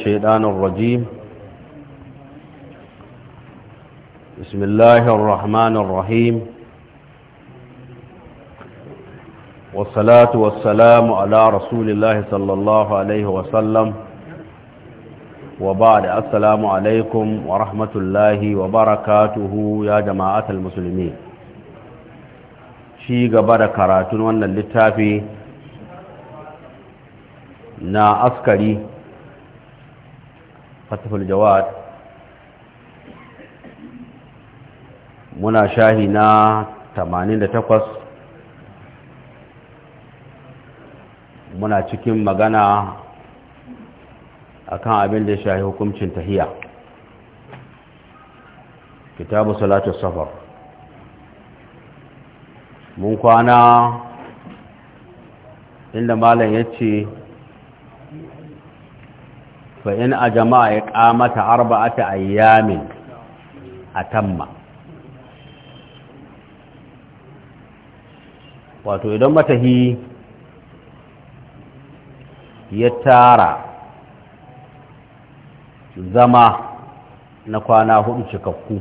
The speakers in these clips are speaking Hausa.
الشيطان الرجيم بسم الله الرحمن الرحيم والصلاة والسلام على رسول الله صلى الله عليه وسلم وبعد السلام عليكم ورحمة الله وبركاته يا جماعة المسلمين شيء قبل كراتون وانا اللتافي na askari fatihul jawad muna shahi na 88 muna cikin magana akan abin da shahi hukuncin tahiya kitabu salatu safar mun kwana inda malam ya ce fa in a jama'a ya kamata ta ayyamin a tamma, wato idan mata hi ya tara zama na kwana hudu cikakku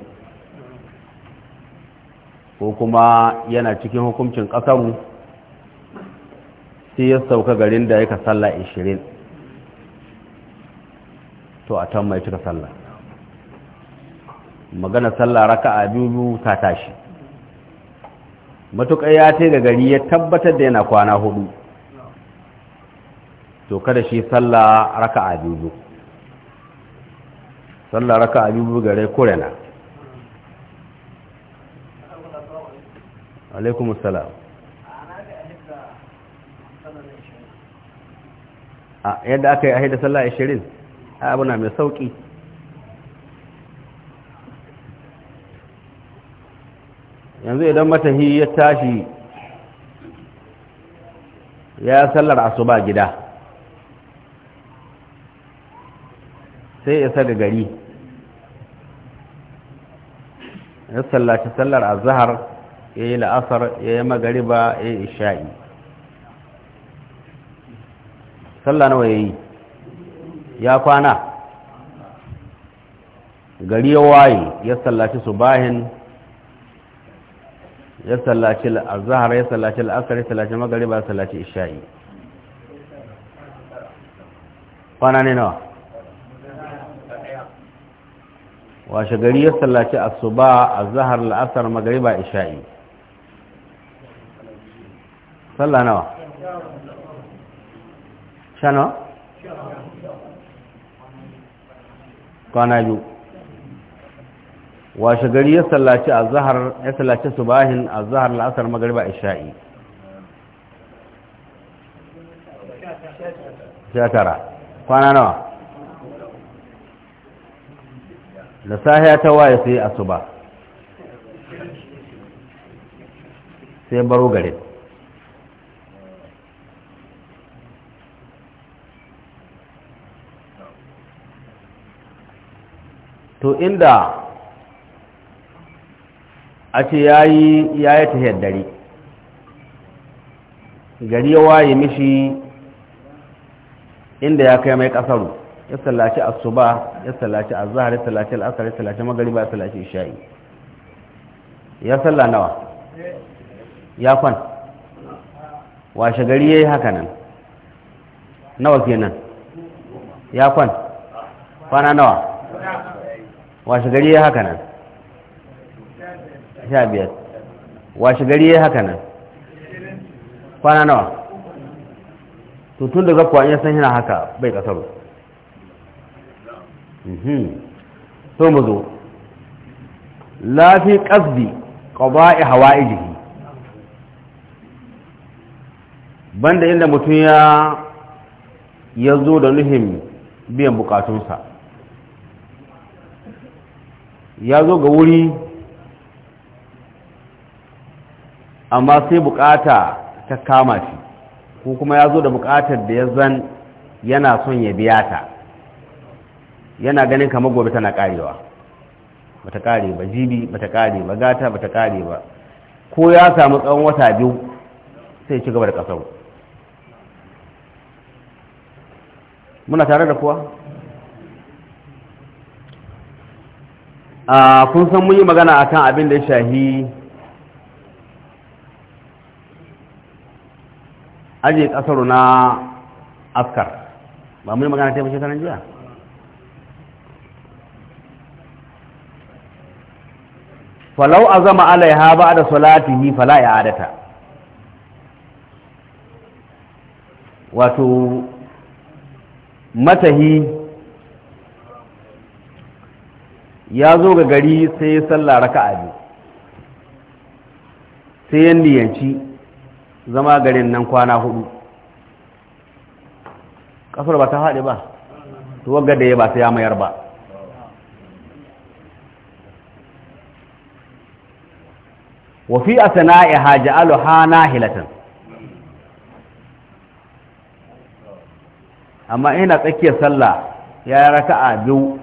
ko kuma yana cikin hukuncin ƙasarmu sai ya sauka garin da ya ka sallah to a can mai cika sallah magana sallah raka a biyu ta tashi matuƙar ya ce ga gari ya tabbatar da yana kwana hudu to kada shi sallah raka a biyu sallah raka a biyu gare kurena alaikum salam yadda aka yi haida sallah 20 abuna mai sauƙi yanzu idan matahi ya tashi ya sallar asuba gida sai ya saga gari ya sallaci sallar azahar ya yi la'asar ya yi magariba ya yi isha'i sallah nawa ya yi ya kwana gari ya waye ya sallaci bahin? ya sallaci azhar ya sallaci al'asar ya sallaci magriba ya sallaci isha'i kwana ne nawa washe gari ya sallaci asuba azhar al'asar magriba isha'i sallah nawa sha nawa kwana biyu washe gari ya sallaci zahar ya sallaci subahin zahar la'asar magriba isha'i shekara kwana nawa da sahiya ta waye sai asuba sai baro garin to inda a ce ya yi tafiyar dare gari ya waye mishi inda ya kai mai kasaru ya sallaci asuba ya a zahar, ya tsallaci al'asar ya sallaci magariba ya tsallaci isha'i ya tsalla nawa ya kwan washe gari yi haka nan nawa kenan ya kwan kwana nawa washe gari ya haka nan sha biyar washe gari ya haka nan kwana nawa tutun da kuwa in san yana haka bai kasaru so mhm. mu zo lafi ƙasbi ƙaba'i hawa'i jiki banda inda mutum ya ya zo da nuhin biyan bukatunsa ya zo ga wuri amma sai bukata ta kama shi ko kuma ya zo da bukatar da ya zan yana son ya biya ta yana ganin kamar gobe tana karewa bata kare ba jibi bata kare ba gata bata kare ba ko ya samu tsawon wata biyu sai ci gaba da ƙasar, muna tare da kuwa a kun san mun yi magana akan abin da ya shahi aje kasaru na askar ba mun yi magana ta yi mashi Fa jiya falau a zama alaiha ba da salatihi fala ya adata wato matahi ya zo ga gari sai ya sallah raka'a biyu sai ya niyanci zama garin nan kwana hudu kasar ba ta haɗe ba to wagga da ya ba sai ya mayar ba wafi a sana'i hajji aluha na hilatan amma ina tsakiyar sallah ya raka'a biyu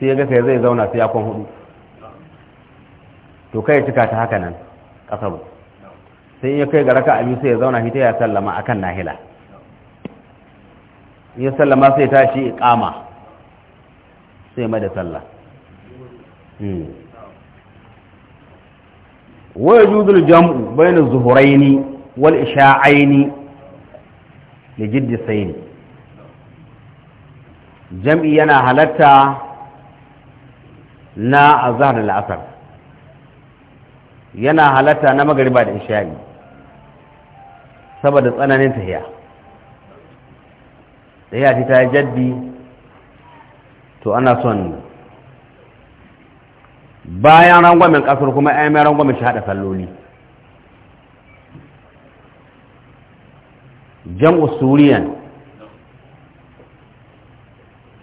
sai ya gasa sai zai zauna sai ya kwan hudu to kai cika ta haka nan kasaru sai ya kai ga raka abin sai ya zauna hita ya sallama a kan nahila ya sallama sai tashi iqama sai mada da sallah hmm. wa jam'u bayna zuhuraini wal isha'aini lijiddi jiddi sayyid jam'i yana halatta na azhar da asar yana halatta na magariba da isha'i saboda tsananin tahiya tahiya ta yi jaddi to ana son bayan rangwamen kasar kuma ya mai rangwamen shi haɗa salloli jam'u suriyan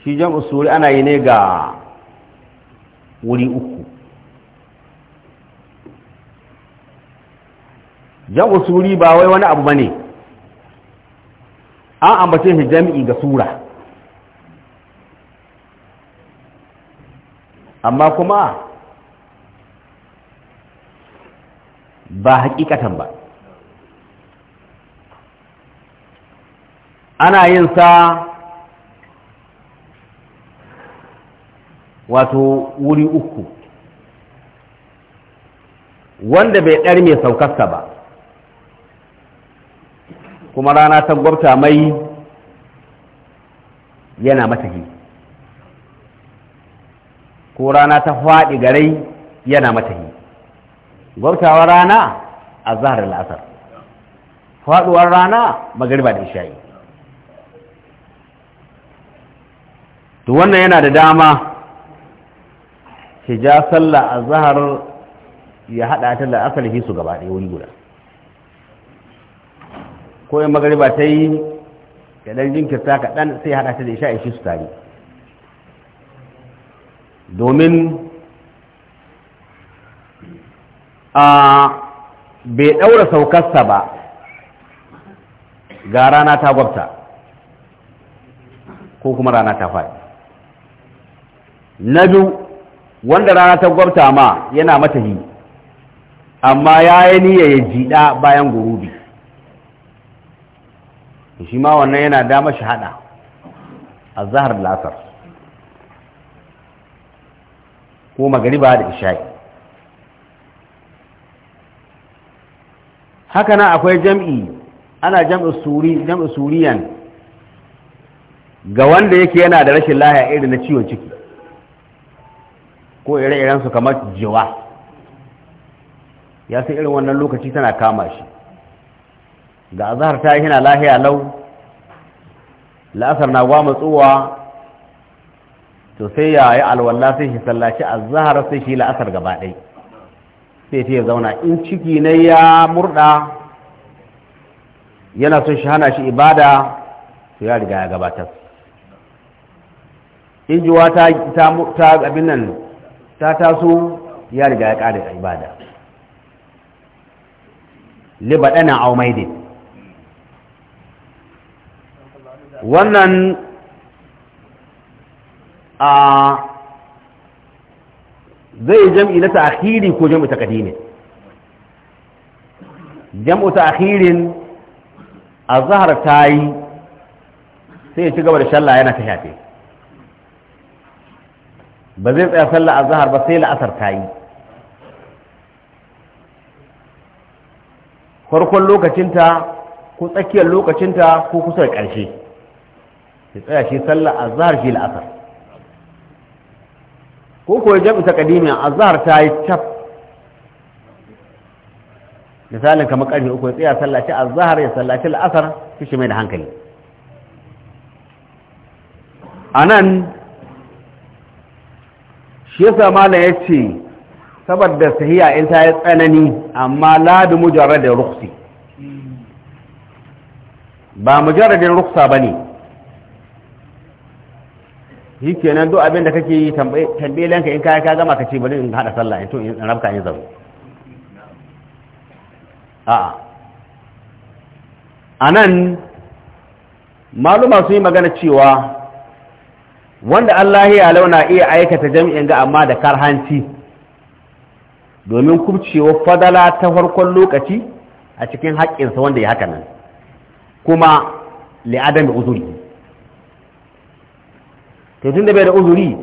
shi jam'u suri ana yi ne ga wuri uku jam'u suri ba wai wani abu bane an ambace shi jami'i ga sura amma kuma ba hakikatan ba ana yin sa wato wuri uku wanda bai ɗarme saukarsa ba kuma rana ta gwabta mai yana matahi ko rana ta faɗi garai yana matahi gwabtawa rana a zahar la'asar faɗuwar rana magariba da isha'i to wannan yana da dama shi ja sallah a zahar ya haɗa ta da asali su gaba ɗaya wuri guda ko yin magariba ta yi ya ɗan jinkirta kaɗan sai haɗa ta da isha ishi su tare domin a bai ɗaura saukarsa ba ga rana ta gwabta ko kuma rana ta faɗi na biyu wanda rana ta gwabta ma yana mata hi amma ya yi niyya ya jiɗa bayan gurubi shi ma wannan yana dama shi hada a zahar lasar ko magariba da isha'i haka nan akwai jam'i ana jam'i suriyan ga wanda yake yana da rashin lahiya irin na ciwon ciki ko ire-iren su kamar jiwa ya sai irin wannan lokaci tana kama shi ga azhar ta yi yana lahiya lau la'asar na gwamma tsuwa to sai ya yi alwala sai shi sallaci azahar sai shi la'asar gaba ɗai sai ta zauna in ciki na ya murda yana son shi hana shi ibada Su ya riga ya gabatar in wa ta abin nan ta taso ya riga ya ƙara ibada libaɗana au maidin wannan a zai jam'i na ta'khiri ko jam'i ta kadimi jam'u ta'khirin azhar tayi sai ya ci gaba da shalla yana ta shafe ba zai tsaya sallah azhar ba sai la'asar ta yi farkon lokacinta ko tsakiyar lokacinta ko kusa da ƙarshe ya tsaya shi sallah azhar shi la'asar ko kuwa jam'i ta kadimi azhar ta yi cap misalin kamar ƙarfe uku ya tsaya shi azhar ya sallah shi la'asar shi mai da hankali a nan shi yasa malam ya ce saboda sahiya in ta yi tsanani amma ladu mujarradin rukusi ba mujarradin ba ne, yi kenan duk abinda kake yi tambayelanka in kaya ka gama ka ce bari in hada sallah in tun in rabka in zaro, a nan maluma su yi magana cewa wanda Allah ya launa iya aikata jam'in ga amma da karhanci domin kubcewa fadala ta farkon lokaci a cikin haƙƙinsa wanda ya haka nan kuma li'adami uzuri to tun da bai da uzuri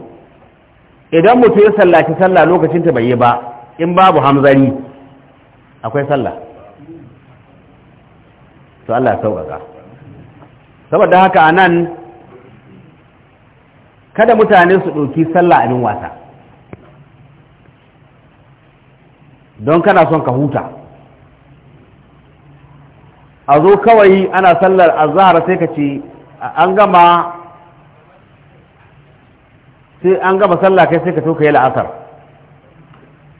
idan mutum ya sallaci sallah lokacin ta bai yi ba in babu hamzari akwai sallah to Allah ya sauƙaƙa saboda haka a nan. kada mutane su ɗauki sallah abin wasa don kana son ka huta a zo kawai ana sallar azahar sai ka ce an gama sai an gama sallah kai sai ka to ka yi la'asar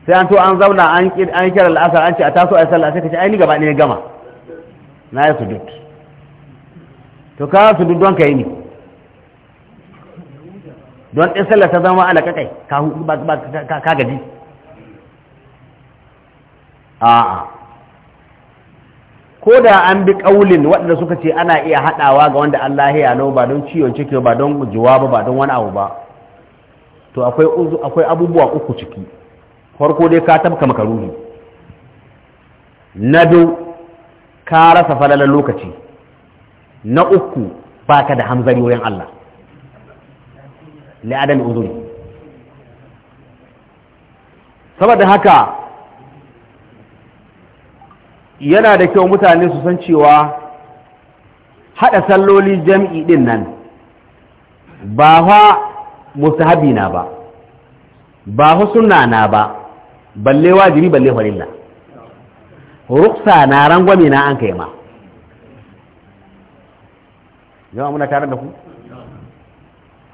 sai an to an zauna an kira la'asar an ce a taso a yi sallah sai ka ce ai ni gaba ne gama na yi sujud to ka sujud don ka yi ni don ɗin sallar ta zama alaƙaƙai ka gaji a'a ko da an bi ƙaulin waɗanda suka ce ana iya haɗawa ga wanda Allah ya lau ba don ciwon ciki ba don gujewa ba don wani abu ba to akwai abubuwa uku ciki farko dai ka tabka makaruhi na biyu ka rasa falalar lokaci na uku baka da hamzari wurin Allah لعدم uzuri saboda haka yana da kyau mutane su san cewa haɗa salloli jam'i ɗin nan ba fa musahabi na ba ba fa sunna na ba balle wajibi balle farilla ruksa na rangwame na an kai ma yawa muna tare da ku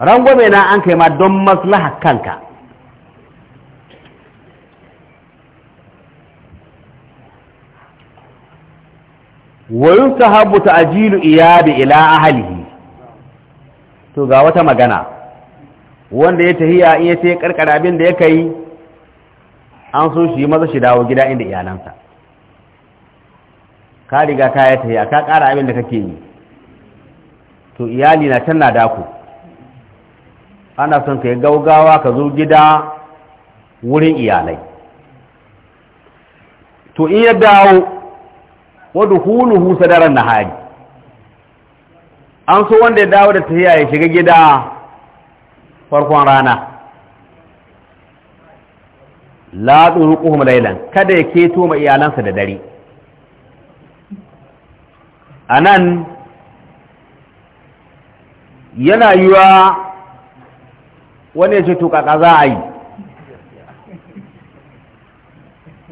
rangwame na an kai ma don maslaha kanka wayun sahabu ta ajilu iyabi ila ahalihi to ga wata magana wanda ya tahiya iya ce karkara abin da ya kai an so shi maza shi dawo gida inda iyalansa ka riga ka ya tahiya ka kara abin da kake yi to iyali na can na daku ana son ka yi gaugawa ka zo gida wurin iyalai to in ya dawo wadda huluhu na hari an so wanda ya dawo da tafiya ya shiga gida farkon rana laɗin rukuhum lailan kada ya keto ma iyalansa da dare a nan yana yiwa wani ya ce to kaka za a yi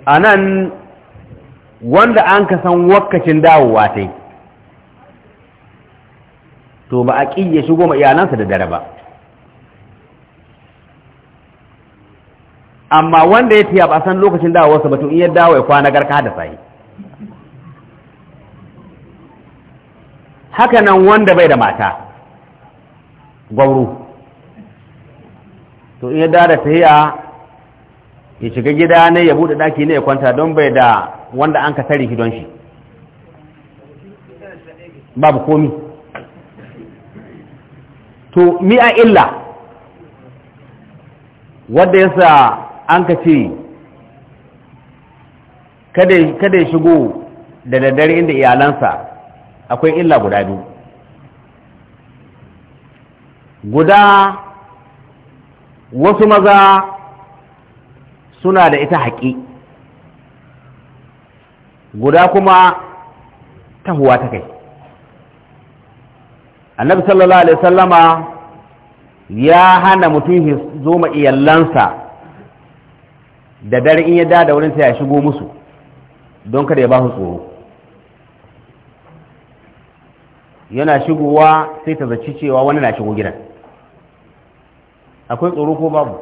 a nan wanda an ka san wakacin dawowa ta yi to ba a ƙi ya shigo ma iyalansa da dare ba amma wanda ya tiya ba san lokacin dawowarsa ba to iya dawo ya kwana garka da sai haka nan wanda bai da mata gwauru to in ya dada tahiya ya shiga gida ne ya bude daki ne ya kwanta don bai da wanda an ka tare shi don shi babu komi to mi a illa wadda yasa an ka ce kada ya shigo da daddare inda iyalansa akwai illa guda biyu guda wasu maza suna da ita haƙi guda kuma tahuwa ta kai annabi sallallahu alaihi sallama ya hana mutum zo ma iyallansa da dare in ya da wurin ta ya shigo musu don kada ya ba su tsoro yana shigowa sai ta zaci cewa wani na shigo gidan akwai tsoro ko babu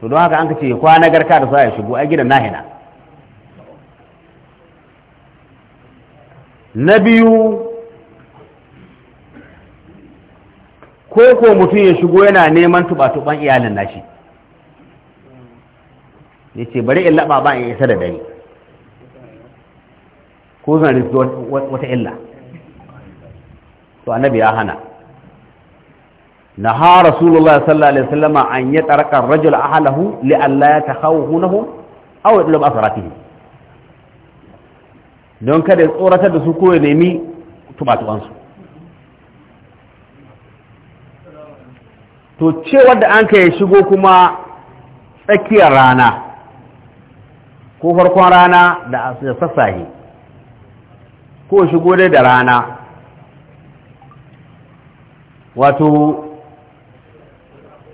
to don haka an ka ce kwana garka da sa ya shigo a gidan nahina na biyu ko ko mutum ya shigo yana neman tuba-tuban iyalin nashi ya ce bari in laɓa ba isa da dare ko zan riski wata illa to annabi ya hana نهى رسول الله صلى الله عليه وسلم أن يترك الرجل أهله لألا يتخوفونهم أو يطلب أثراتهم don kada tsoratar da su ko ya nemi tubatuwansu to cewar da an kai shigo kuma tsakiyar rana ko farkon rana da sassahe ko shigo dai da rana wato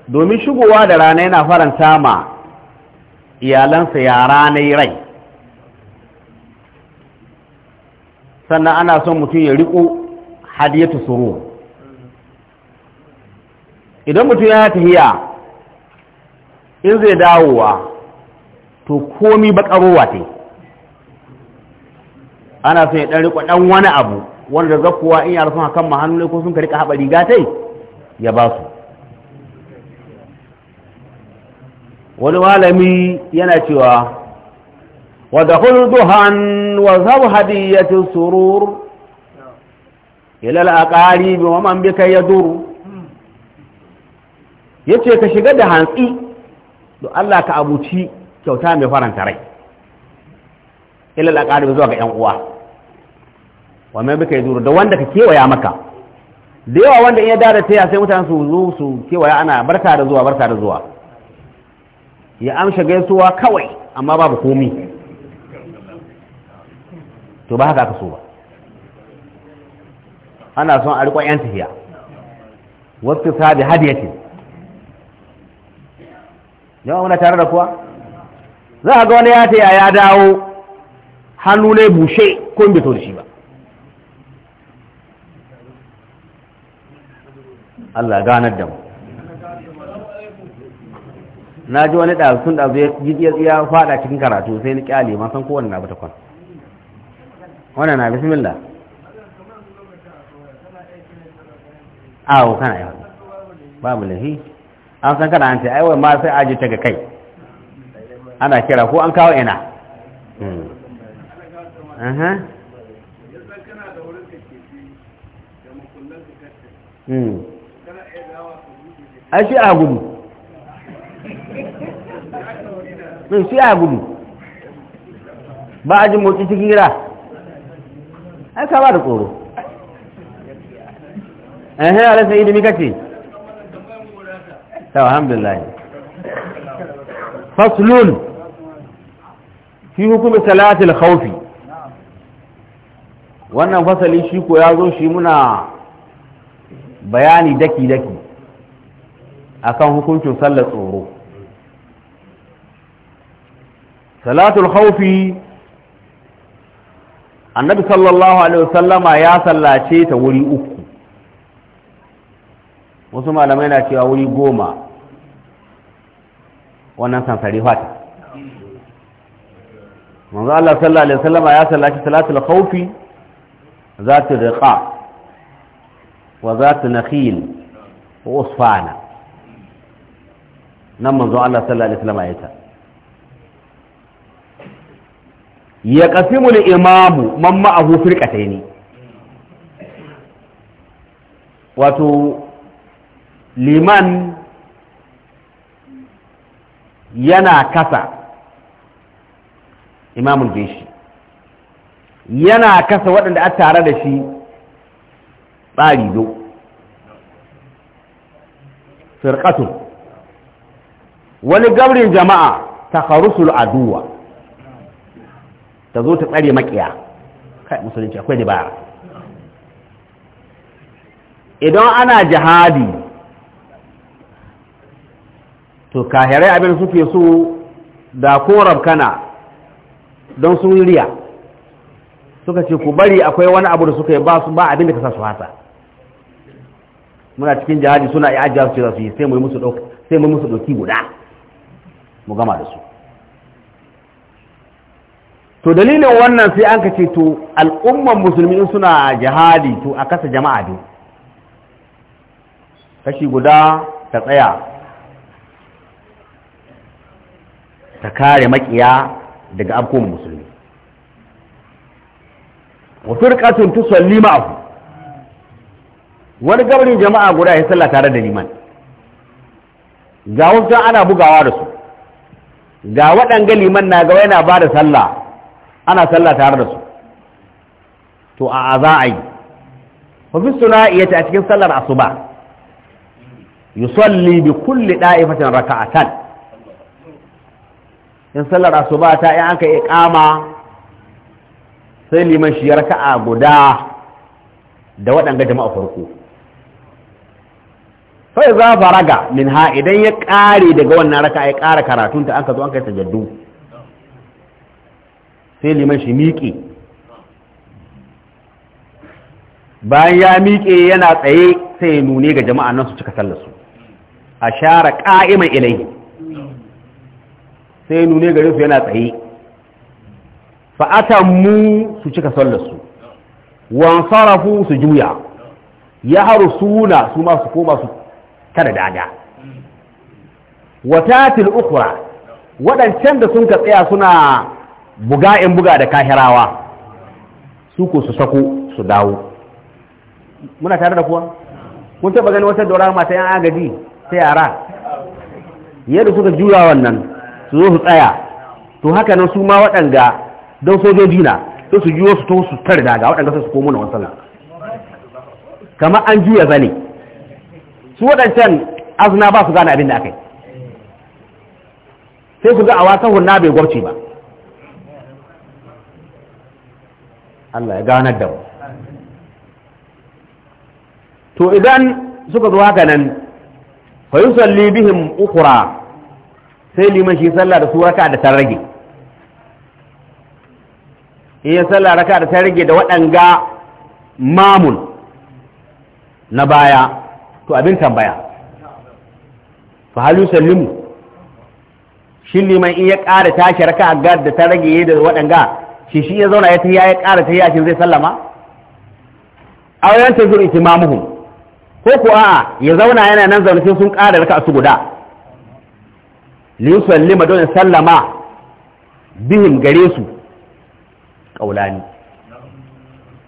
domin shigowa da rana yana faranta ma iyalansa ya ranai rai sannan ana son mutum ya riko hadiyatu suru idan mutum ya tahiya in zai dawowa to komi bakarowa te ana son ya dan riko dan wani abu wanda zakuwa in ya hakan kan ne ko sun ka rika haɓa riga ta ya ba su wani malami yana cewa wadda duhan wa zau ci surur ilal akari bi wa man bika ya duru ya ce ka shiga da hantsi don Allah ka abuci kyauta mai faranta rai ilal akari zuwa ga 'yan uwa wa man bika ya duru da wanda ka kewaya maka da yawa wanda in ya dada taya sai mutane su zo su kewaya ana barka da zuwa barka da zuwa ya amsa gaisuwa kawai amma babu komi to ba haka aka so ba ana son a rikon 'yan tafiya wasu sabi ce yawan wani tare da kuwa za a ga wani ya ta ya dawo hannu ne bushe ko in bito da shi ba Allah ganar da mu na ji wani ɗazu sun ɗazu ya ya faɗa cikin karatu sai ni ƙyale ma san kowane na bata kwan wannan na bismillah awo kana ba babu lahi an san kana an ce aiwai ma sai aji ta ga kai ana kira ko an kawo ina hmm. a hmm. shi a gudu sun shi ya gudu ba a jin motsi cikin gira an ka da tsoro eh eh alasa ilimi kace to alhamdulillah faslun fi hukumi salatil khawfi wannan fasali shi ko ya zo shi muna bayani daki-daki akan hukuncin sallar tsoro salatul khawfi annabi sallallahu alaihi wasallama ya sallace ta wuri uku wasu malamai na cewa wuri goma wannan sansari fata manzo Allah sallallahu alaihi wasallama ya sallace salatul khawfi ذات الرقاع وذات usfana, nan نمنذ Allah sallallahu alaihi عليه وسلم ta. ya kasi mu imamu man ma'ahu firƙatai ne wato liman yana kasa imamun jeshi yana kasa waɗanda a tare da shi tsari zo firƙatun wani gabrin jama'a ta aduwa ta zo ta tsare makiya kai musulunci akwai dabara idan ana jihadi to kahirai abin suke so da korab kana don sun riya suka ce ku bari akwai wani abu da suka yi ba su ba abin da ka sa su hasa muna cikin jihadi suna iya ajiyar su ce za su yi sai mu musu ɗauki guda mu gama da su to dalilin wannan sai an ka ce to al'umman musulmi suna jihadi to a kasa jama'a ne. kashi guda ta tsaya ta kare makiya daga abkon musulmi wa firqatun tusalli ma'ahu wani gabarin jama'a guda ya sallah tare da liman ga wasu ana bugawa da su ga waɗanga liman na ga yana ba da sallah ana sallah tare da su to a za a yi fi suna iya ta cikin sallar asuba yusalli bi kulli da'ifatin raka'atan in sallar asuba ta yi an ka iqama sai liman shi raka'a guda da waɗanda jama'a farko fa za faraga min ha idan ya ƙare daga wannan raka'a ya ƙara karatunta an ka zo an kai sajaddu sai liman shi miƙe bayan ya miƙe yana tsaye sai ya nune ga jama'a nan su cika sallarsu a share ƙa'iman ilai sai ya nune gare su yana tsaye fa'atan mu su cika sallarsu wansarafu su juya ya haru suna su masu koma su tara daga til ukura waɗancan da sun ka tsaya suna buga in buga da kahirawa su ko su sako su dawo muna tare da kuwa kun taba gani wata dora mata yan agaji ta yara yadda suka jura wannan su zo su tsaya to haka nan su ma waɗanga don sojoji na to su juyo su to su tare daga waɗanga su komo na wasan kamar an juya zane su waɗancan azuna ba su gane abin da aka yi sai su ga a wasan hunna bai gwarce ba Allah ya ganar da mu to idan suka zo haka nan fa salli bihim ukura sai liman shi sallah da su raka da ta rage in sallah raka da ta rage da waɗanga mamun na baya to abin tambaya fa hal yusallimu shin liman in ya ƙara tashi raka da ta rage da waɗanga shi shi ya zauna ya ta ya ƙara tahiya shi zai sallama a wayan ta zuru mamuhun ko ko a'a ya zauna yana nan zaune sai sun ƙara raka su guda liyusuwan lima don sallama bihim gare su Ƙaulani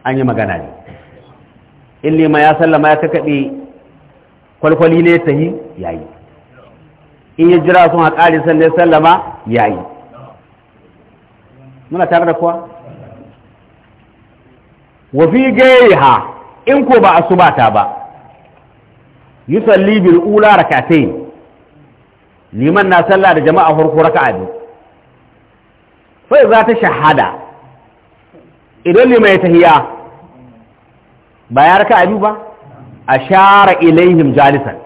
an yi magana ne in lima ya sallama ya kakaɗe kwalkwali ne ya yi. yayi in ya jira sun haƙari ya sallama yayi muna tare da kuwa wa fi in ko ba asubata ba salli bil ula rak'atayn liman na sallah da jama'a farko raka'a biyu za ta shahada idan liman ya tahiya ba ya raka'a biyu ba share ilaihim jalisan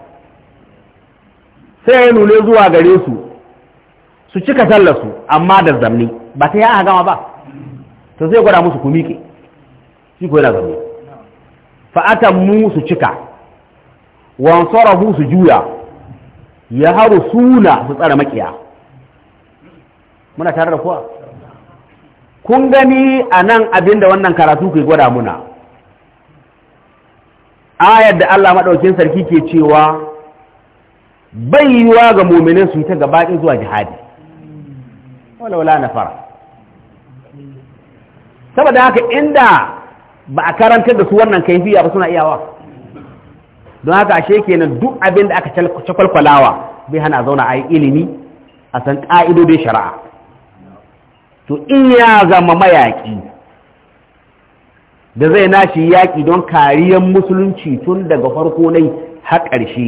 sai ya nune zuwa gare su su cika sallar su amma da zamni ba ta yi aka gama ba to zai gwada musu ku miƙe shi ko yana zaune fa'atan mu su cika wansarahu su juya ya haru suna su tsara makiya muna tare da kuwa kun gani a nan abinda wannan karatu ke gwada muna ayar da Allah maɗaukin sarki ke cewa bai yiwa ga mominin su ta gaba zuwa jihadi wala wala na fara saboda haka inda ba a karantar da su wannan kaifiya ba suna iyawa don haka ashe kenan duk abin da aka cakwalkwalawa bai hana zauna a yi ilimi a san ƙa'idodin shari'a to in ya zama mayaƙi da zai nashi yaƙi don kariyar musulunci tun daga farko nai har ƙarshe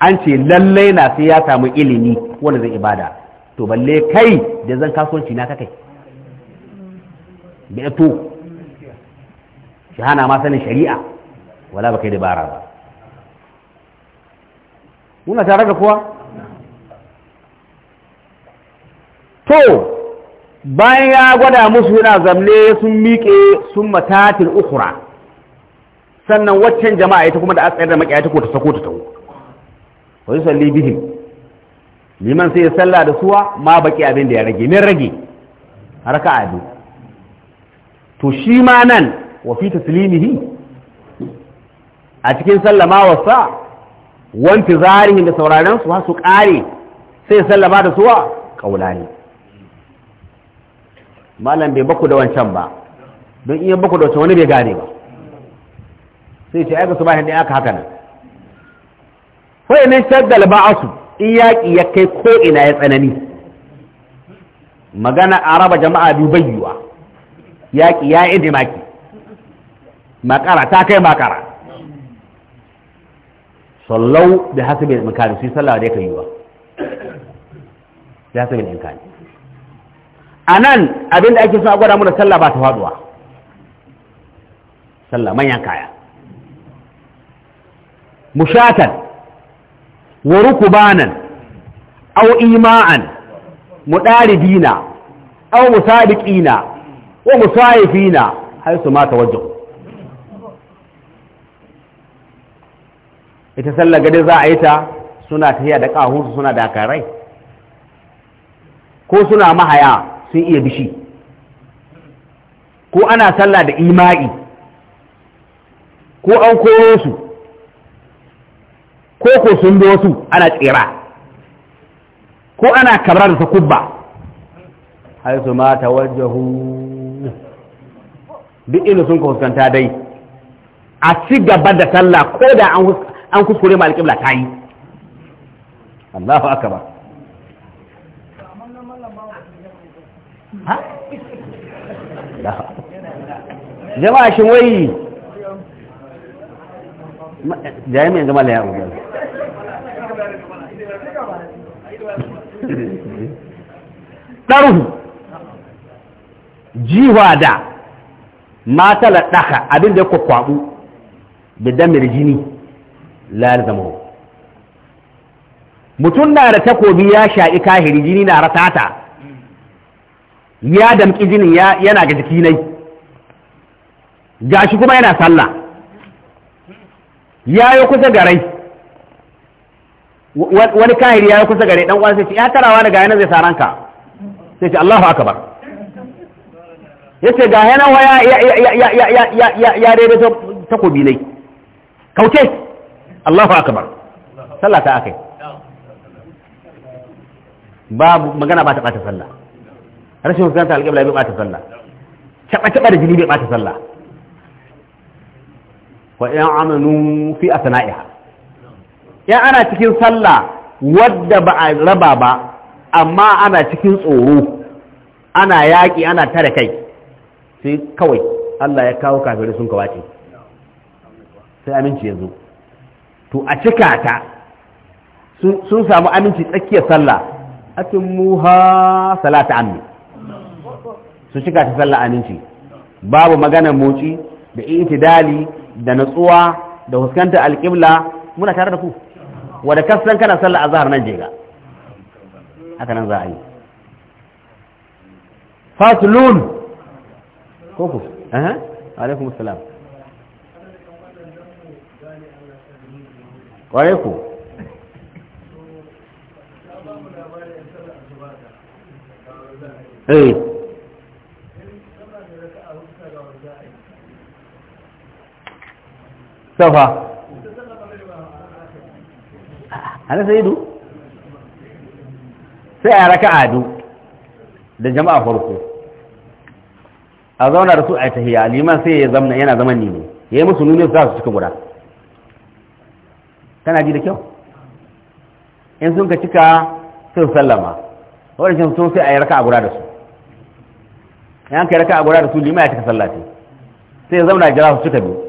an ce lallai na sai ya samu ilimi wanda zai ibada to balle kai da zan kasuwanci na kai. da ya to shi hana ma sanin shari'a wala ba kai dabara ba muna tare da kuwa to bayan ya gwada musu yana zamle sun miƙe sun matatin ukura sannan waccan jama'a ita kuma da a tsayar da makiya ta ko ta sako ta tawo wani salli bihin liman sai ya salla da suwa ma baki abin da ya rage min rage har ka biyu to shi ma nan wa fi taslimihi a cikin sallama wasa wanti zarihin da sauraron su su kare sai sallama da suwa kaulani malam bai baku da wancan ba don iya baku da wancan wani bai gane ba sai ce aika su ba hindi aka haka nan sai ne shaddal asu in yaƙi ya kai ko ina ya tsanani magana araba jama'a biyu bayyuwa yaƙi ya idi maki makara ta kai makara sallau da da imkani su yi sallawa da ya yiwa da da imkani a nan abinda ake so a gwada muna sallah ba ta faduwa sallah manyan kaya mushatan wa rukubanan au ima'an dina au musabiqina wa na haisu ma wajen ita sallar gade za a yi ta suna tafiya da ƙahunsu suna da karai ko suna mahaya sun iya bishi ko ana sallah da ima'i ko an koro su ko ko sun bi wasu ana tsira ko ana kamar da ta kubba haisu ma tawajjahu duk inda sun ka huskanta dai a ci gaba da sallah ko da an kuskure ma alƙibla ta yi Allahu akbar jama'a shi wai jami'in zama da ya ɗaruhu jiwa da mata daka abin da ya kwakwabu da damar jini la zama mutum na da takobi ya sha'i kahiri jini na ratata ya damƙi jinin yana ga jiki nai gashi kuma yana sallah ya yi kusa garai wani kahiri ya yi kusa garai ɗan ƙwasa ce ya tarawa daga yana zai saranka sai ce allahu akabar yace ga yana waya ya daidaita takobi ne kauce Allahu akabar. sallah ta yi. babu magana ba ta bata sallah rashin hukunta alƙibla bai bata sallah taɓa-taɓa da jini bai bata sallah wa ‘yan amanu fi asna'iha ‘yan ana cikin sallah wadda ba a raba ba amma ana cikin tsoro ana yaƙi ana tare kai sai kawai Allah ya kawo kafirai sun kawace sai aminci ya zo to a cika ta sun samu aminci tsakiyar sallah atin muha salata annu su cika ta sallah aminci babu magana moci da itidali da natsuwa da huskanta alƙibla muna tare da ku wadda kasan kana sallah a zahar nan jega haka nan za a yi fasulun كفر أها عليكم السلام وعليكم أي سوف هذا سيدو sai a لجماعة adu a zauna da su a tahiyya liman sai ya zamna yana zaman ne ya yi musu nuni su su cika guda tana ji da kyau in sun ka cika sai su sallama shi sun sai a yi raka a guda da su yan kai raka a guda da su liman ya cika sallati sai ya zamna jira su cika biyu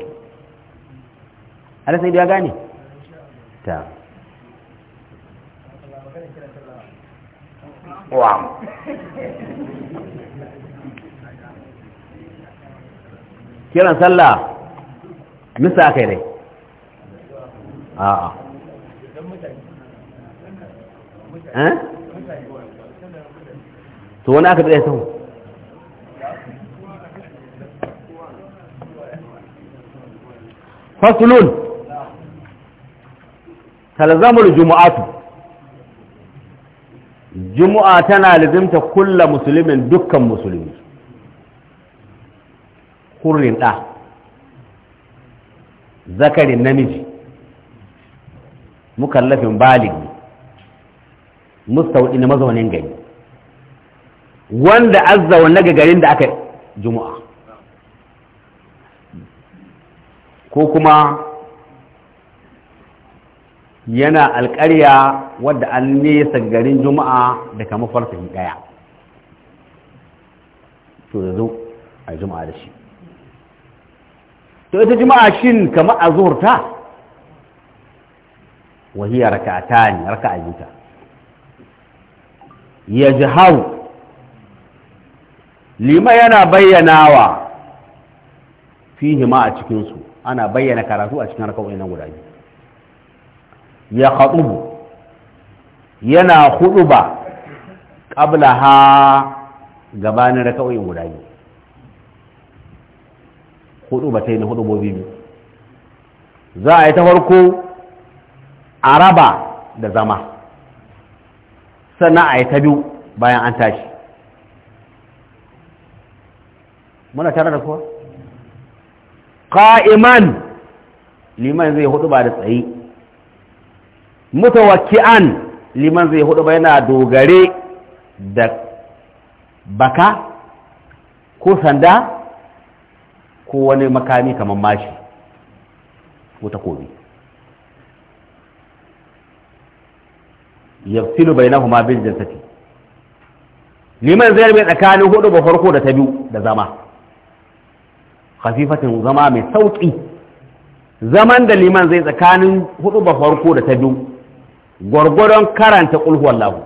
ala sai ya gane ta wa kiran sallah misa aka yi dai a'a eh? to wani aka tsaye sahu fasulun talzamul jumu'atu jumu'a tana lazimta kulla musulmin dukkan musulmi hurrin ɗa zakarin namiji mukallafin baligi mustawdi na mazaunin gari wanda azza wa naga garin da aka juma'a ko kuma yana alƙarya wadda an nesa garin juma'a da kama farfin ɗaya to da zo a juma'a da shi to ita juma'a shin kamar a zuhur ta wahiya raka'ata ne raka biyu Ya yajharu lima yana bayyanawa fi hima a cikin su ana bayyana karatu a cikin raka nan guda biyu ya khatubu yana ƙabla ha gabanin raka'o'in guda biyu hudu ba ta yi na hudu bobi biyu za a yi ta farko a raba da zama sannan a yi ta biyu bayan an tashi muna tare da kuwa ƙa'iman liman zai hudu ba da tsaye mutawakki'an liman zai hudu ba yana dogare da baka ko sanda ko wani makami kamar mashi ko takobi yafsilu bainahuma bil jansati liman zai mai tsakanin hudu ba farko da ta biyu da zama khafifatin zama mai sauki zaman da liman zai tsakanin hudu ba farko da ta biyu gwargwadon karanta kulhuwallahu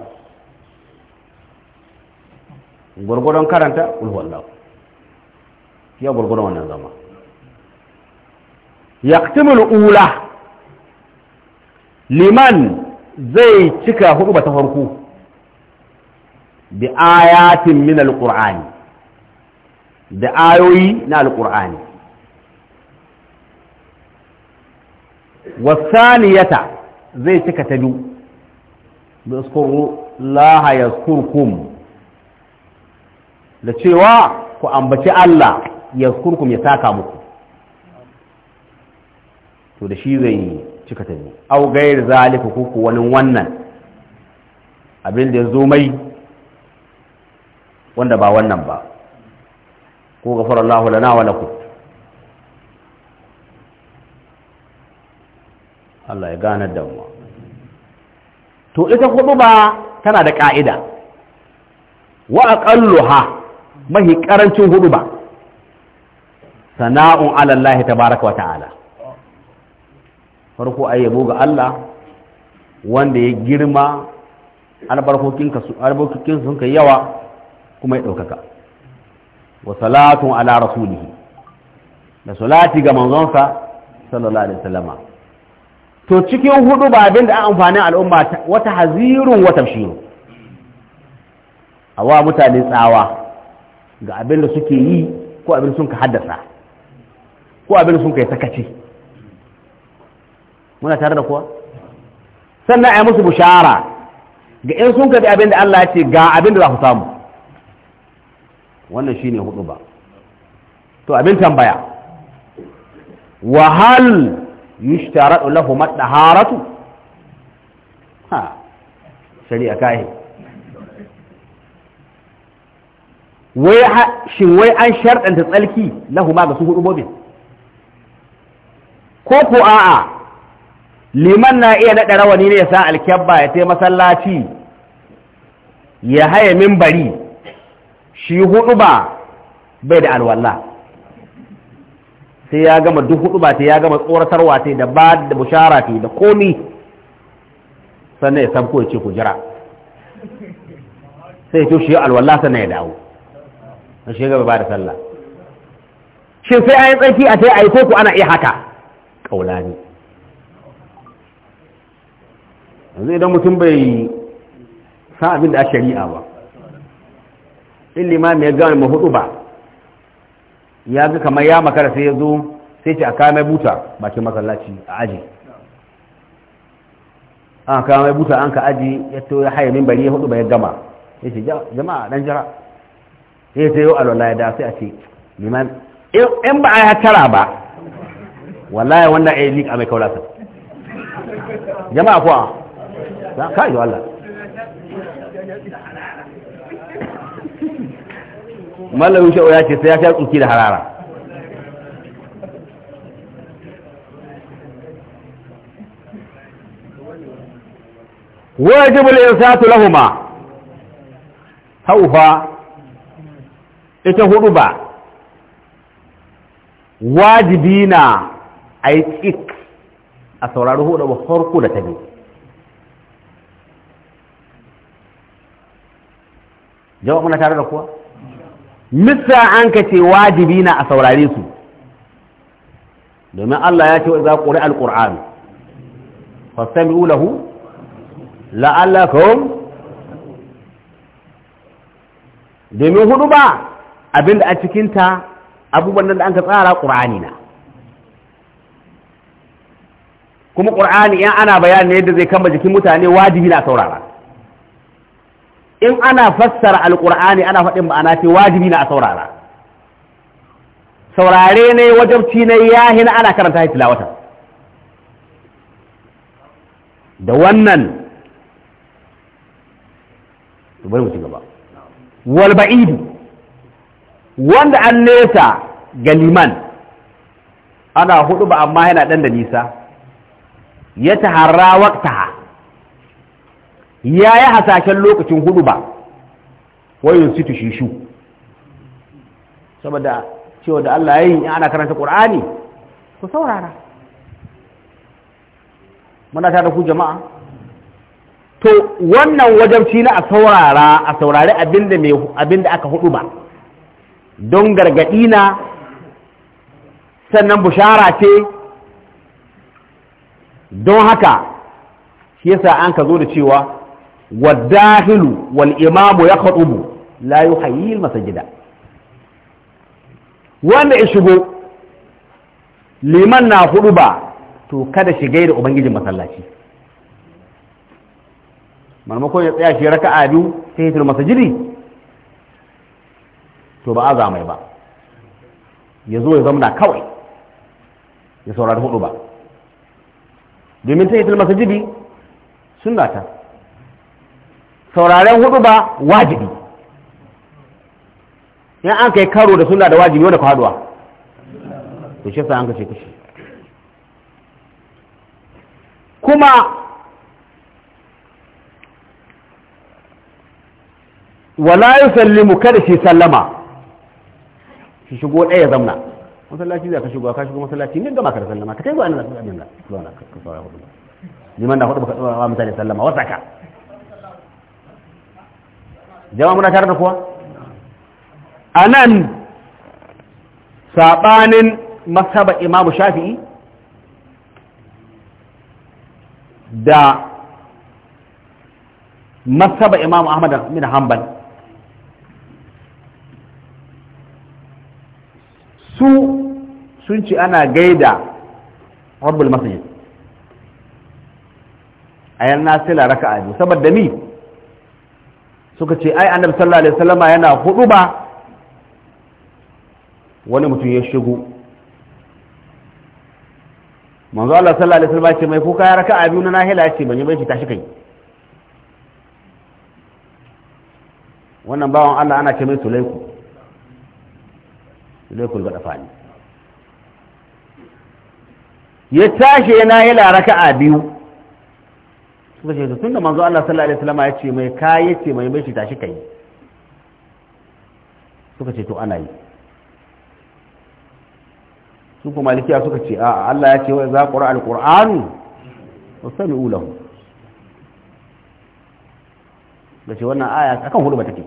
gwargwadon karanta kulhuwallahu ya gurgurun wannan zama yaktimul ula liman zai cika hudu ba ta farko bi ayatin min alqur'ani da ayoyi na alkur'ani wasaniyata zai cika ta biyu bi uskuru laha yazkurkum da cewa ku ambaci Allah ya kurkum ya saka muku to da shi zai cika ta ne au gair zalika kuku wani wannan abin da ya zo mai wanda ba wannan ba ko gafarallahu lana wa lakum Allah ya gane da mu to ita hudu ba tana da ka'ida wa aqalluha mahi karancin hudu ba sana'un ala Allah tabaraka wa ta'ala farko ayi yabo ga Allah wanda ya girma albarkokin ka su albarkokin sun kai yawa kuma ya daukaka wa salatu ala rasulihi da salati ga manzonsa sallallahu alaihi wasallama to cikin hudu ba abin da an amfani al'umma wata hazirun wata shiru a wa mutane tsawa ga abin da suke yi ko abin sun ka haddasa ko abin sun kai sakaci muna tare da kuwa sannan a yi musu bushara ga in sun kai abin da Allah ya ce ga abin da za ku samu wannan shi ne hudu ba to abin tambaya wahal yushtaratu lahu madaharatu ha shari'a kai wai shin wai an sharɗanta tsalki lahu ma ga su hudu bobin ko ku a'a liman na iya daɗa rawani ne ya sa alkyabba ya tai masallaci ya haye bari shi hudu ba bai da alwallah sai ya gama duk hudu ba ta ya gama tsoratarwa ta da ba da bushara ta da komi sannan ya sabko ya ce ku jira sai ya to shi alwallah sannan ya dawo a shi gaba ba da sallah shi sai a yi tsarki a sai a yi koko ana iya haka kaulani yanzu idan mutum bai san abin da a shari'a ba in limami ya gama mahudu ba ya ga kamar ya makara sai ya zo sai ce a kayan mai buta bakin masallaci a aji an kayan mai buta an ka aji ya to ya haya min bari ya hudu ba ya gama ya ce jama'a dan jira sai ce yau alwala ya da sai a ce liman in ba a yi hatara ba wallahi wannan ai ni mai kaula sai jama'a kuwa za ka yi Allah malamin sha'o ya ce sai ya sha tsuki da harara wajib al-insatu lahuma haufa ita hudu ba wajibi na a yi tsik a saurari hudu ba farko da ta biyu jama'a kuna tare da kuwa misa an ka ce wajibi na a saurare su domin Allah ya ce wa za ƙuri al-ƙur'an fasami'u lahu la'allakum domin hudu ba abinda a cikinta abubuwan da an ka tsara ƙur'ani na kuma ƙur'ani in ana bayanin yadda zai kama jikin mutane wajibi na saurara in ana fassara alƙur'ani ana faɗin ma'ana ce wajibi na a saurara saurare ne wajabci ne yahin ana karanta ya tilawata da wannan bari mu ci gaba wal wanda an nesa galiman ana hudu ba amma yana dan da nisa ya taharra waqtaha ya yi hasashen lokacin hudu ba su situ shishu saboda cewa da Allah yayin in ana karanta Qur'ani ku saurara muna ta da ku jama'a to wannan wajabci na a saurara a saurari abinda abinda aka hudu ba don gargadi na sannan bushara ce don haka shi yasa an ka zo da cewa wadahilu wal imamu ya khatubu la yuhayyil masajida wanda ya shigo liman na hudu ba to kada shiga da ubangijin masallaci marmakon ya tsaya shi raka'a biyu sai hitar masajidi to ba a mai ba ya zo ya zamna kawai ya saurari hudu ba domin ta yi masajidi sun ta sauraren hudu ba wajibi yan an kai karo da suna da wajibi wanda ku haduwa to shi sa an kace kashi kuma wala yusallimu kada shi sallama shi shigo ɗaya zamna masallaci za ka shigo ka shigo masallaci ne gama ka sallama ka kai ba annabi abin nan zuwa ka saura hudu liman na hudu baka tsaya wa sallama wata ka jama'a muna tare da kuwa anan sabanin masaba imamu shafi'i da masaba imamu ahmad bin hanbal su sun ce ana gaida rabbul masjid a yan sila raka a biyu saboda mi suka ce ai annabi sallallahu alaihi wasallama yana hudu ba wani mutum ya shigo manzo Allah sallallahu alaihi wasallama ce mai kuka ya raka a biyu na nahila ce ban yi bai tashi kai wannan bawan Allah ana ce mai sulaiku dafa gadafani ya tashi yana yi laraka a biyu suka ce tun da manzo Allah sallallahu alaihi wasallam ya ce mai kayi ce mai mai shi tashi kai suka ce to ana yi su kuma malikiya suka ce a Allah ya ce wa za qura alqur'anu wasami'u lahu da ce wannan aya akan hudu ba take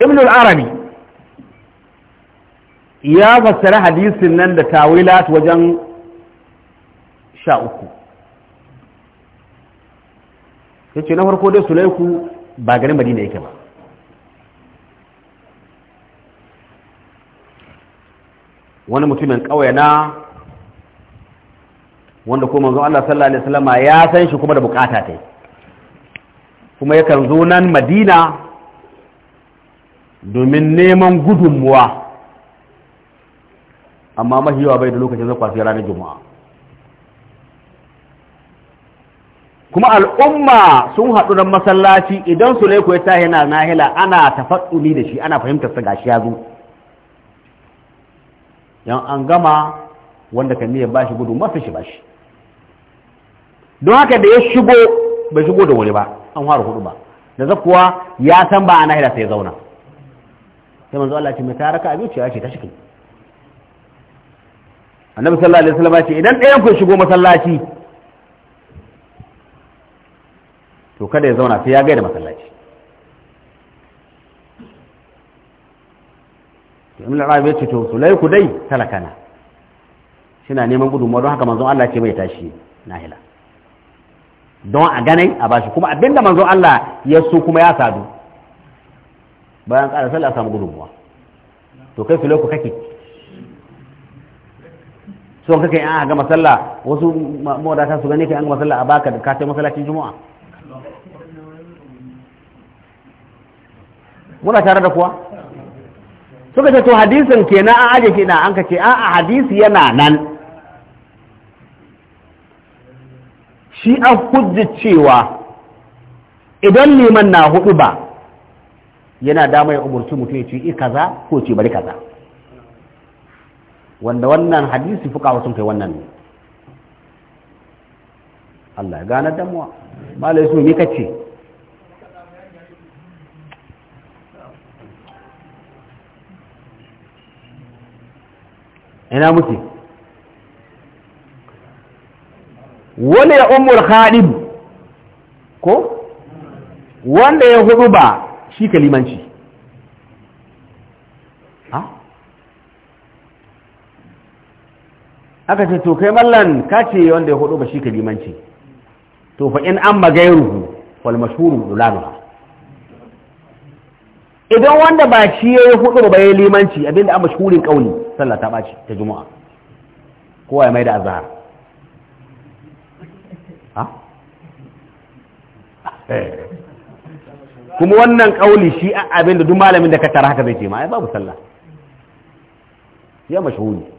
ibn al-arabi ya fassara hadisin nan da tawilat wajen sha uku ya ce na farko dai sulaiku ba garin madina yake ba wani mutumin ƙauye na wanda kuma manzon Allah sallallahu alaihi wasallama ya san shi kuma da bukata ta kuma yakan zo nan madina domin neman gudunmuwa amma mafi yawa bai da lokacin zai kwasi ranar juma'a kuma al'umma sun haɗu don masallaci idan su laiko ya tahi na nahila ana tafaɗuli da shi ana fahimtar sa gashi ya zo yan an gama wanda kan niyyar bashi gudu masu shi bashi don haka da ya shigo bai shigo da wuri ba an fara hudu ba da zakuwa ya san ba a nahila sai zauna sai manzo Allah ce mai taraka abin ce ya ce ta shi annabi sallallahu alaihi wasallam ce idan ɗayan ku shigo masallaci to kada ya zauna sai ya gaida masallaci to imla rabi ya ce to sulai ku dai talakana suna neman gudunmuwa don haka manzon Allah ce bai tashi nahila don a ganai a bashi kuma abinda manzon Allah ya so kuma ya sadu bayan ƙara sallah samu gudunmuwa to kai filo ku kake so kake an ga masalla wasu mawadata su gane kai an ga sallah a baka da ka tai masallacin juma'a muna tare da kuwa suka ce to hadisin kenan an aje kina an kace a a hadisi yana nan shi an hujji cewa idan liman na hudu ba yana damar ya umurci mutum ya ce kaza ko ce bari kaza wanda wannan hadisi fuka sun kai wannan ne Allah ya gane damuwa malai su ne kace ina muke wani ya umar khadim ko wanda ya hudu ba shi kalimanci aka ce to kai mallan ka ce wanda ya hudu ba shi ka limanci to fa in an magairuhu wal mashhuru dulaluha idan wanda ba shi ya yi hudu ba ya limanci abinda an mashhurin kauli sallah ta baci ta juma'a kowa ya mai da azhar eh. kuma wannan kauli shi abinda duk malamin da ka tara haka zai ce ma ai babu sallah ya mashhuri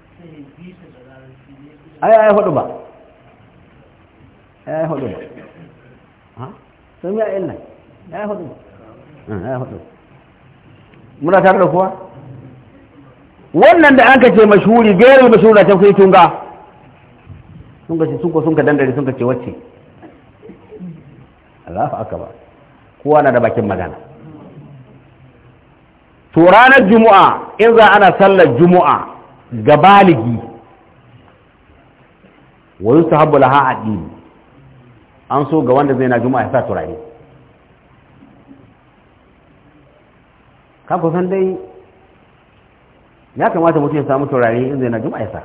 ai ai hudu ba ai hudu ba ha sun ya illa ai hudu ba hmm, ai hudu muna tare da kuwa wannan da an ka ce mashuri gairu mashuri da tafi tunga sun ga sun ko sun ka dandare sun ka ce wacce Allahu akbar kowa na da bakin magana to ranar juma'a in za ana sallar juma'a ga baligi wa yustahabbu laha aqim an so ga wanda zai na juma'a ya sa turare ka kusan dai ya kamata mutum ya samu turare in zai na juma'a ya sa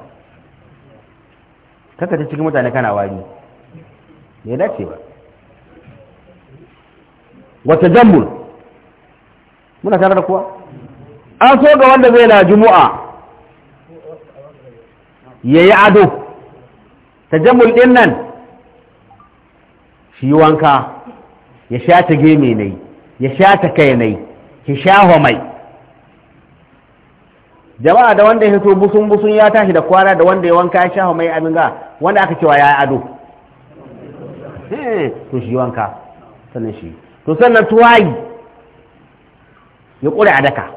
kakata cikin mutane kana wari ya dace ba wata jambul muna tare da kuwa an so ga wanda zai na juma'a ya yi ado tajammul ɗin nan shi wanka ya sha ta geme ne ya sha ta kai ne ki sha mai jama'a da wanda ya hito busun busun ya tashi da kwana da wanda ya wanka ya sha mai abin ga wanda aka cewa ya yi ado eh, to shi wanka sannan shi to sannan tuwayi ya ƙure a daka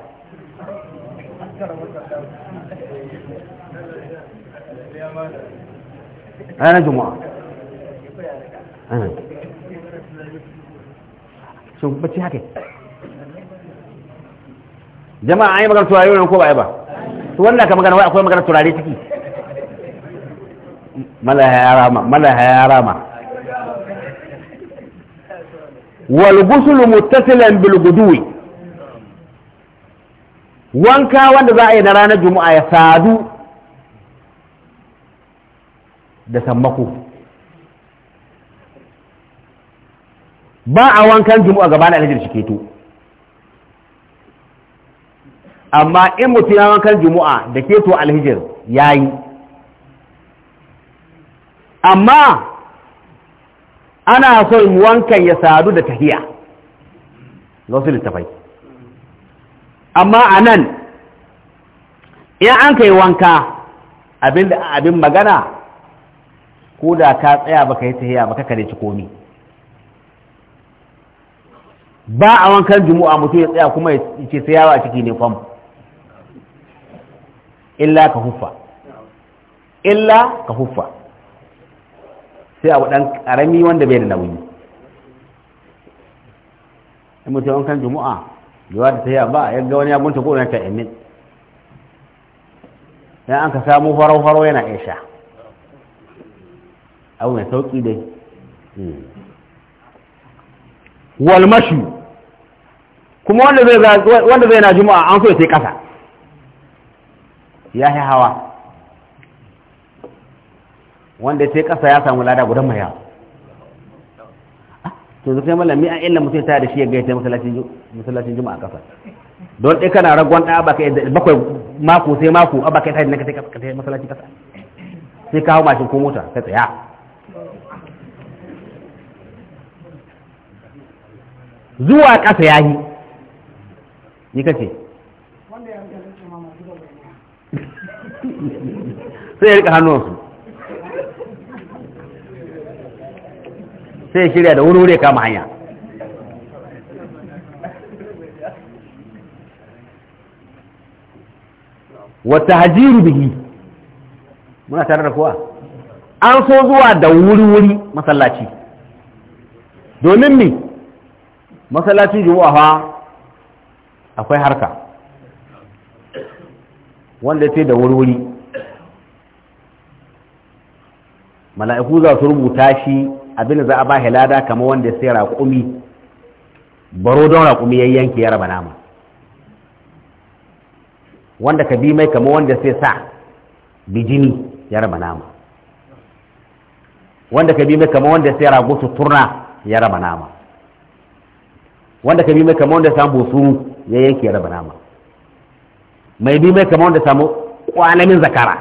ranar juma'a shin bacci haka jama'a an yi magana turare wani ko ba yi ba su wanda ka magana wai akwai magana turare ciki malaha ya rama malaha mutasilan bilguduwi wanka wanda za a yi na ranar juma'a ya sadu da sammako ba a wankan jumu'a gaba da alhijir shi keto amma in mutu ya wankan jumu'a da keto alhijir ya yi amma ana son wankan ya sadu da tahiya ga wasu littafai amma a nan in an kai wanka abin magana ko da ka tsaya baka yi tahiya baka kare ci komi ba a wankan jumu'a mutum ya tsaya kuma ya ce sai yawa ciki ne fam illa ka huffa illa ka huffa sai abu dan karami wanda bai da nauyi in mutum wankan jumu'a yawa da tahiya ba ya ga wani ya gunta ko na ta emin dan an ka samu farau farau yana iya sha abu mai sauki dai hmm. walmashi kuma wanda zai na juma'a an so ya sai kasa ya yi hawa wanda sai kasa ya samu lada gudan mai yawa ah, to zai kai mi an illa mutum ta da shi ya gaita masallacin juma'a kasa don ɗai kana ragon ɗaya baka yadda bakwai mako sai mako a ta yadda na ka sai masallacin kasa sai kawo mashin ko mota ka tsaya zuwa ƙasa ya yi ni kace sai ya rika hannunsu sai ya shirya da wuri-wuri ya kama hanya wata hajiru bihi muna tare da kowa an so zuwa da wuri-wuri masallaci domin me masallacin juma'a fa akwai harka wanda ya ce da wurwuri mala'iku za su rubuta shi abin za a ba helada kamar wanda ya sai raƙumi baro don raƙumi ya yanke ya raba nama wanda ka bi mai kamar wanda sai sa bijini ya raba nama wanda ka bi mai kamar wanda sai rago su turna ya raba nama wanda ka bi mai kamar wanda samu su ya yanke ya raba nama mai bi mai kamar wanda samu kwanamin zakara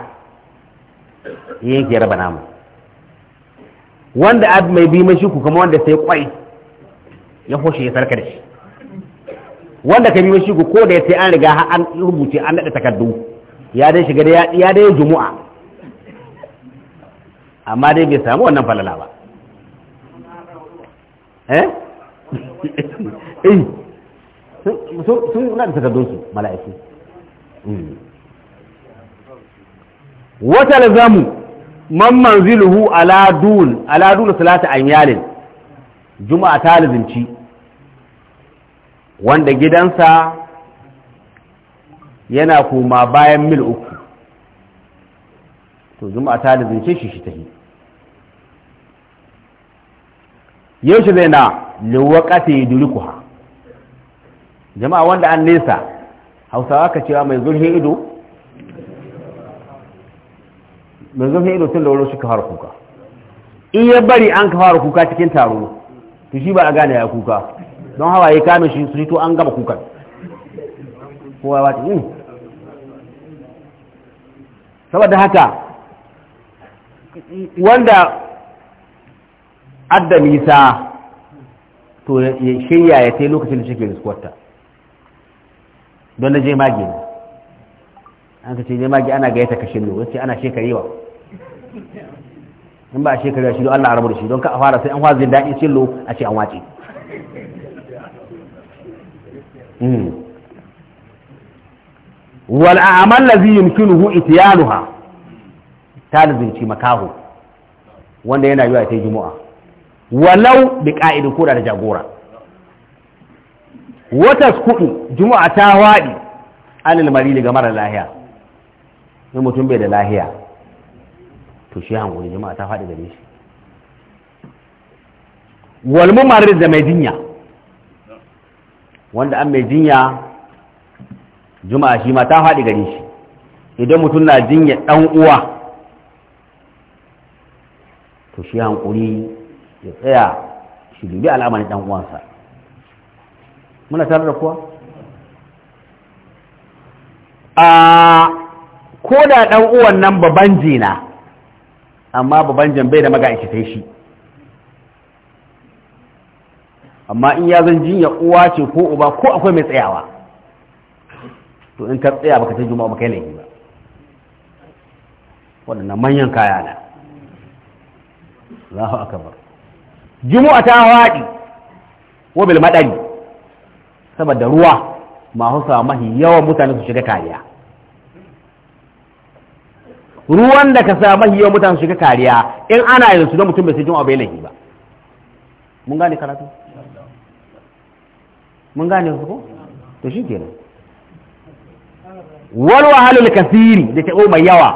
ya yanke ya raba nama wanda ab mai bi mai shuku kamar wanda sai kwai ya hoshe ya sarka da shi wanda ka bi mai shuku ko da ya sai an riga an rubuce an naɗa takardu ya dai shiga da ya dai jumu'a amma dai bai samu wannan falala ba eh eh sun na da takardunsu mala'iku hmm. wata lazamu man manziluhu ala dun ala juma'a ta lizinci wanda gidansa yana koma bayan mil uku to juma'a ta lizince shi shi yi yau shi zai na liwakata ya ha. jama'a wanda an nesa hausawa ka cewa mai zurfin ido mai zurfin ido tun da wuri suka fara kuka in ya bari an ka fara kuka cikin taro to shi ba a gane ya kuka don hawa ya kame shi su to an gama kukan kowa ba ta yi saboda haka wanda adda nisa to ya shirya ya ta lokacin da shi ke riskuwarta don na je mage ne an ka ce je magi ana gayyata kashin ne wasu ana wa in ba a wa shi don Allah rabu da shi don ka a fara sai an fara jin daɗin shillo a ce an wace hmm. wal a'mal ladhi yumkinuhu ta talibinci makaho wanda yana yiwa ta yi juma'a walau bi ka'idin kura da jagora watas kudu juma'a ta waɗi anil marili ga mara lahiya ne mutum bai da lahiya to shi hankali juma'a ta faɗi gare shi walmu marar da mai jinya wanda an mai jinya juma'a shi ma ta faɗi gare shi idan mutum na jinya ɗan uwa to shi hankuri ya tsaya shi dubi al'amarin ɗan uwansa muna tare da kuwa a ko da ɗan uwan nan baban jina amma baban jan bai da magaikitai shi amma in ya zan jinya uwa ce ko uba ko akwai mai tsayawa to in ka tsaya baka ta juma'a baka yi ba waɗannan manyan kaya na Allahu akbar juma'a ta haɗi wa bil madani saboda ruwa masu sa mahi yawan mutane su shiga kariya ruwan da ka sa mahi yawan mutane su shiga kariya in ana yanzu don mutum bai sijin abai bai lahi ba mun gane karatu mun gane ko to shi kenan wal wahalul kasiri da ta mai yawa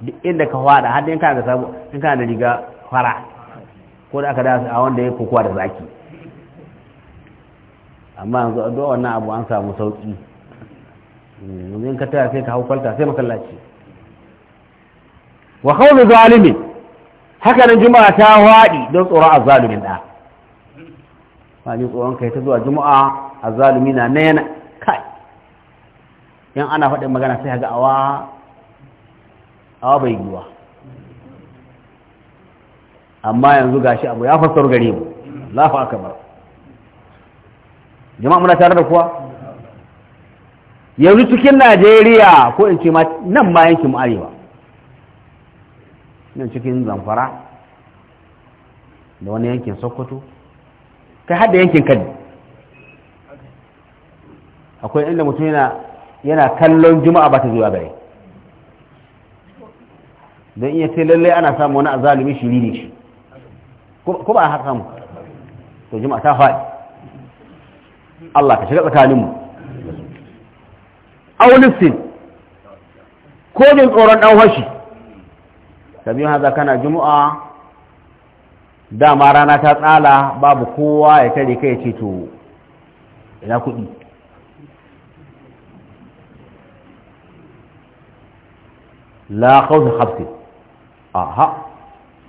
duk inda ka fada har in kana da sabo in kana da riga fara ko da aka da a wanda ya kokowa da zaki amma yanzu addu'a wannan abu an samu sauki in ka taya sai ka hau kwalta sai masallaci wa qawlu zalimi haka nan juma'a ta wadi don tsoron azzalimin da ba ni tsoron kai ta zuwa juma'a azzalimi na ne yana kai yan ana faɗin magana sai ga awa awa bai yiwa amma yanzu gashi abu ya fassar gare mu Allahu akbar jama'a muna tare da kuwa yanzu cikin najeriya ko in ce ma nan ma yankin mu arewa nan cikin zamfara da wani yankin sokoto kai hada yankin kadi akwai inda mutum yana yana kallon juma'a ba ta zuwa gare don iya ce lallai ana samu wani azalumi shiri ne shi ko ba a haka samu to juma'a ta faɗi Allah ka shiga tsakaninmu aulisin ko jin tsoron ɗan hashi sabi haza kana juma'a dama rana ta tsala babu kowa ya tare kai ce to ina kuɗi la khawfi khafsi aha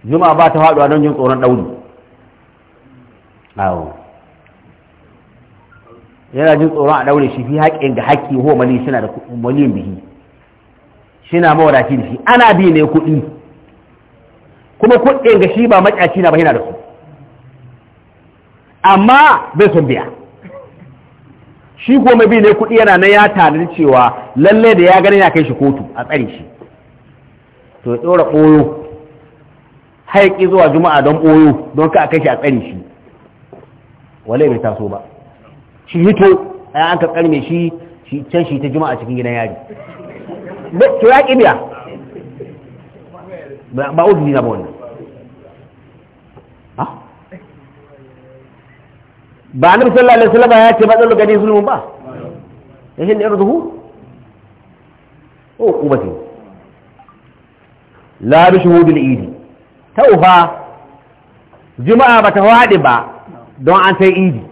juma'a ba ta faɗuwa don jin tsoron ɗauri awo yana jin tsoron a daure shi fi haƙƙin ga haƙƙi ho mali shi da maliyin bihi shi na mawadaci da shi ana bi ne kuɗi kuma kuɗin ga shi ba maƙyaci na ba yana da su amma bai son biya shi ko mai bi ne kuɗi yana na ya tanadi cewa lalle da ya gani ya kai shi kotu a tsare shi to ya ɗora ɓoyo haiki zuwa juma'a don ɓoyo don ka a kai shi a tsare shi wale bai taso ba shi hito ai an ka karme shi shi can shi ta juma'a cikin gidan yari to ya kibiya ba uzuri na ba wannan ba annabi sallallahu alaihi wasallam ya ce ba zan gani zulmun ba Ya shi da irduhu ko ubati la bi shuhudil eid taufa juma'a ba ta wadi ba don an sai idi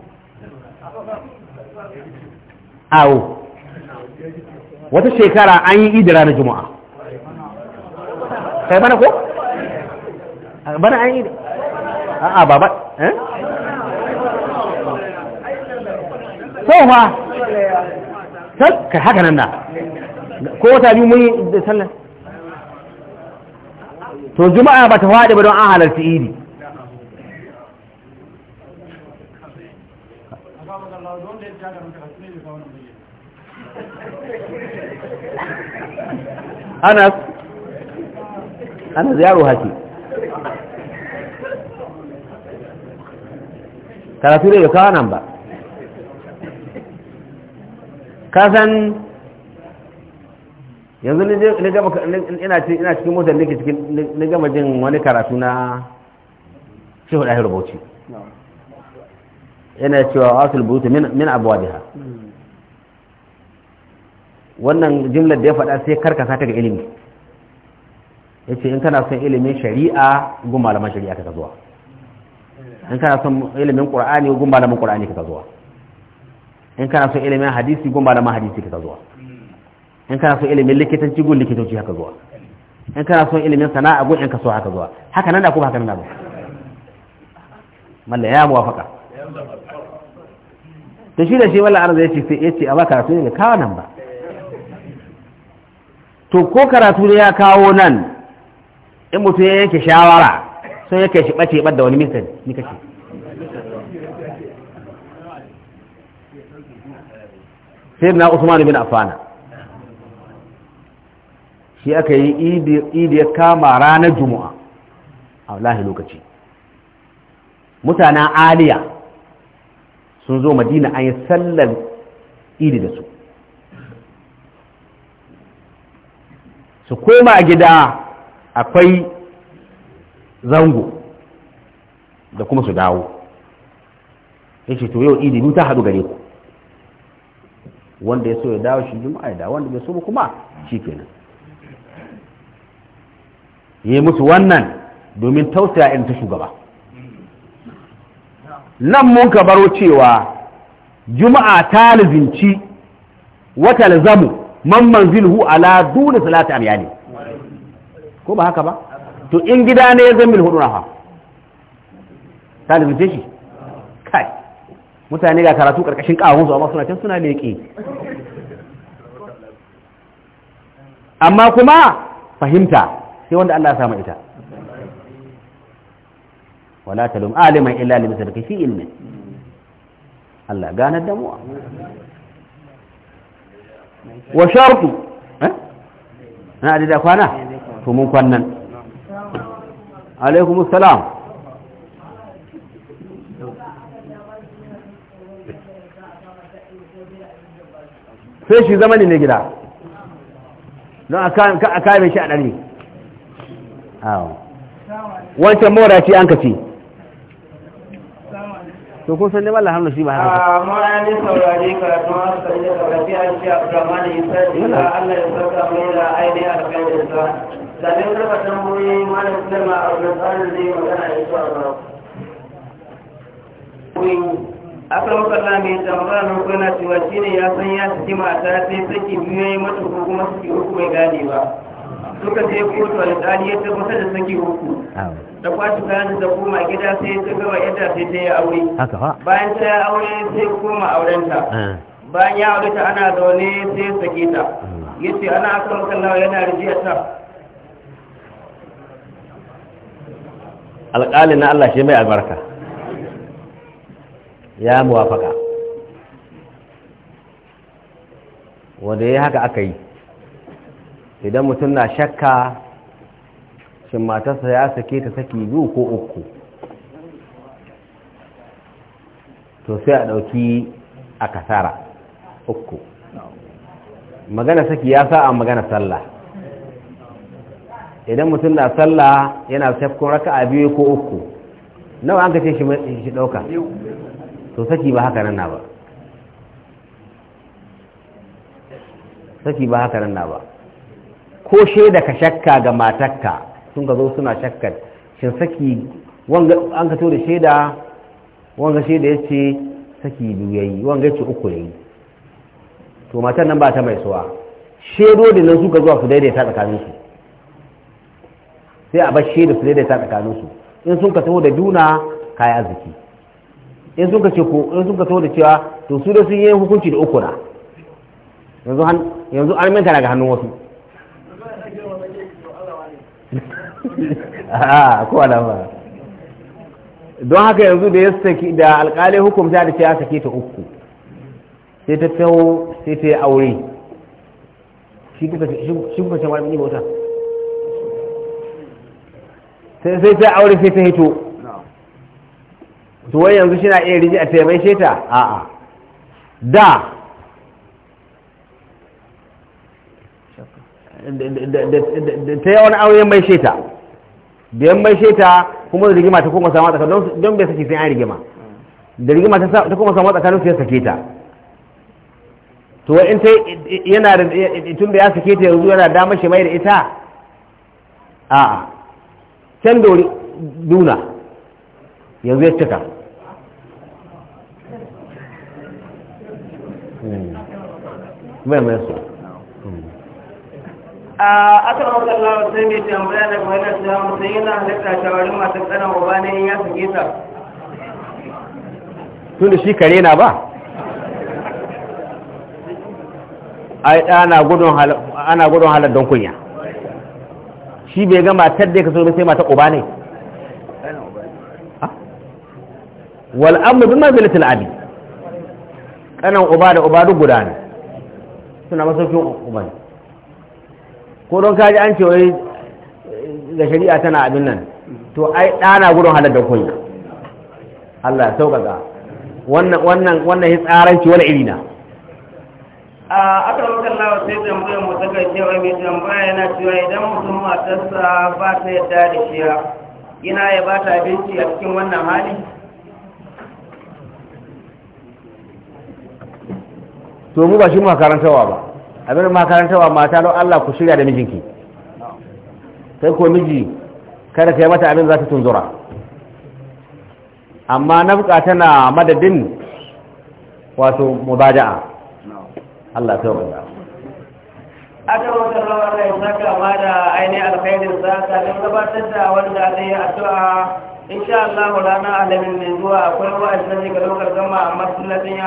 awo wata shekara an yi idi ranar juma'a kai bana ko? bana an yi a'a baba eh? sofa ka haka nan na ko wata biyu mun yi da sallar to juma'a ba ta faɗi ba don an halarci idi anas anas yaro haki karatu da kawo nan ba kasan yanzu ina cikin motar nake cikin na gama jin wani karatu na shehu ɗahir bauchi yana cewa asul burutu min abuwa biha hmm. wannan jimlar da ya faɗa sai karkasa ta ga ilimi ya ce in kana son ilimin shari'a gun malaman shari'a ka zuwa in kana son ilimin ƙura'ani gun malaman ƙura'ani ka zuwa in kana son ilimin hadisi gun malaman hadisi ka zuwa in kana son ilimin likitanci gun likitanci haka zuwa in kana son ilimin sana'a gun in ka so haka zuwa haka nan da kuma haka nan da ba malla ya muwafaka to shi da shi wala arzu yace sai yace a ba karatu ne kawo nan ba to ko karatu ne ya kawo nan in mutum ya yanke shawara sun yake shi ɓace ɓar da wani misali ni kake sai na usman bin afana shi aka yi idi ya kama ranar juma'a a lahi lokaci mutanen aliya sun zo madina an yi sallar idi da su su koma gida akwai zango da kuma su dawo ya ce to yau idi ni ta haɗu gare ku wanda ya so ya dawo shi juma'a ya dawo wanda bai so ba kuma shi kenan yi musu wannan domin tausaya in ta shugaba nan mun ka baro cewa juma'a ta lizinci wata zamu man manzilhu ala duna salati amyali ko ba haka ba to in gida ne ya zambil hudu nafa ta lalace shi kai mutane ga karatu karkashin kawun su amma suna can suna leƙe amma kuma fahimta sai wanda Allah ya samu ita wala talum aliman illa limisar kashi ilmin Allah ganar da mu wa shartu eh? na da kwana to mun kwannan alaikum assalam sai shi zama ne gida don a kame shi a ɗari wancan mora ce an kaci to kun san ne mallan shi ba haka ah, a muna ne saurari a da rafi a shi da allah ya saka mai da aini a kai da sa sulma a tsarin zai magana ya mai tambara na hukuna cewa shi ne ya san ya saki mata sai saki biyu ya yi mata ko kuma suke uku bai gane ba suka je kotu alƙali ya tabbatar da saki uku da kwashi kayan da koma gida sai ta gaba yadda sai ta yi aure bayan ta yi aure sai koma aurenta eh. bayan ya aure ta ana zaune sai sake ta hmm. yace ana aka lawa yana rijiyar ta alƙalin na Allah shi mai albarka ya muwafaka wanda ya haka aka yi idan mutum na shakka shin matarsa ya sake ta saki biyu ko uku to sai a ɗauki a kasara uku magana saki ya sa a magana sallah idan mutum na sallah yana shakkun raka a biyu ko uku nawa an ka ce shi ɗauka to saki ba haka nan na ba saki ba haka nan na ba ko shaida ka shakka ga matakka sun ga zo suna shakkar shin saki wanga an ka to da shaida wanga shaida ya ce saki biyu yayi wanga ya ce uku yi to matan nan ba ta mai suwa shaido da nan suka zuwa su daidaita tsakaninsu sai a bar shaida su daidaita tsakaninsu in sun ka taho da juna kaya arziki in sun ka ce ko in sun ka taho da cewa to su da sun yi hukunci da uku na yanzu an minta daga hannun wasu Ah, ko alama don haka yanzu da ya saki da alkali hukumta da ce ya saki ta uku sai ta taho sai ta yi aure shi kuka ce wani bauta sai ta aure sai ta hito to wai yanzu shi na iya rijiyar taimai sheta ta a'a da da ta yawan auren mai sheta da yan mai sheta kuma da rigima ta koma sama tsakanin don bai sake sai an rigima da rigima ta koma sama tsakanin su ya sake ta to in ta yana da tun da ya sake ta yanzu yana damar shi mai da ita a can dori duna yanzu ya cika hmm. mai mai so aka ba ka Allah sai mai tambaya da wannan da mu sai yana halitta shawarin masu tsanan uba ne ya sake ta da shi kare na ba ai ana gudun ana gudun halar don kunya shi bai gama matar da ka so sai mata uba ne wal amru bi manzilatil abi kanan uba da uba duk guda ne suna masaukin uba ne ko don kaji an ce wai ga shari'a tana abin nan to ai ɗana gudun halar da kunya Allah ya sauƙaƙa wannan wannan wannan ya tsaranci wani iri na a aka maka lawa sai tambayar mu ta kai cewa mai tambaya yana cewa idan mutum matarsa ba ta yadda da shi yana ya ba ta abinci a cikin wannan hali to mu ba shi mu karantawa ba abin makarantawa mata don Allah ku shirya da mijinki sai ko miji kada ka yi mata abin za ta tunzura amma na nafka tana madadin wato mubaja'a Allah ta wanda aka wata rawar da ya kama da ainihin alkhairin sa don gabatar da wanda zai yi addu'a in insha Allah ranar alamin mai zuwa akwai wa'azin da ga lokacin gama a masallacin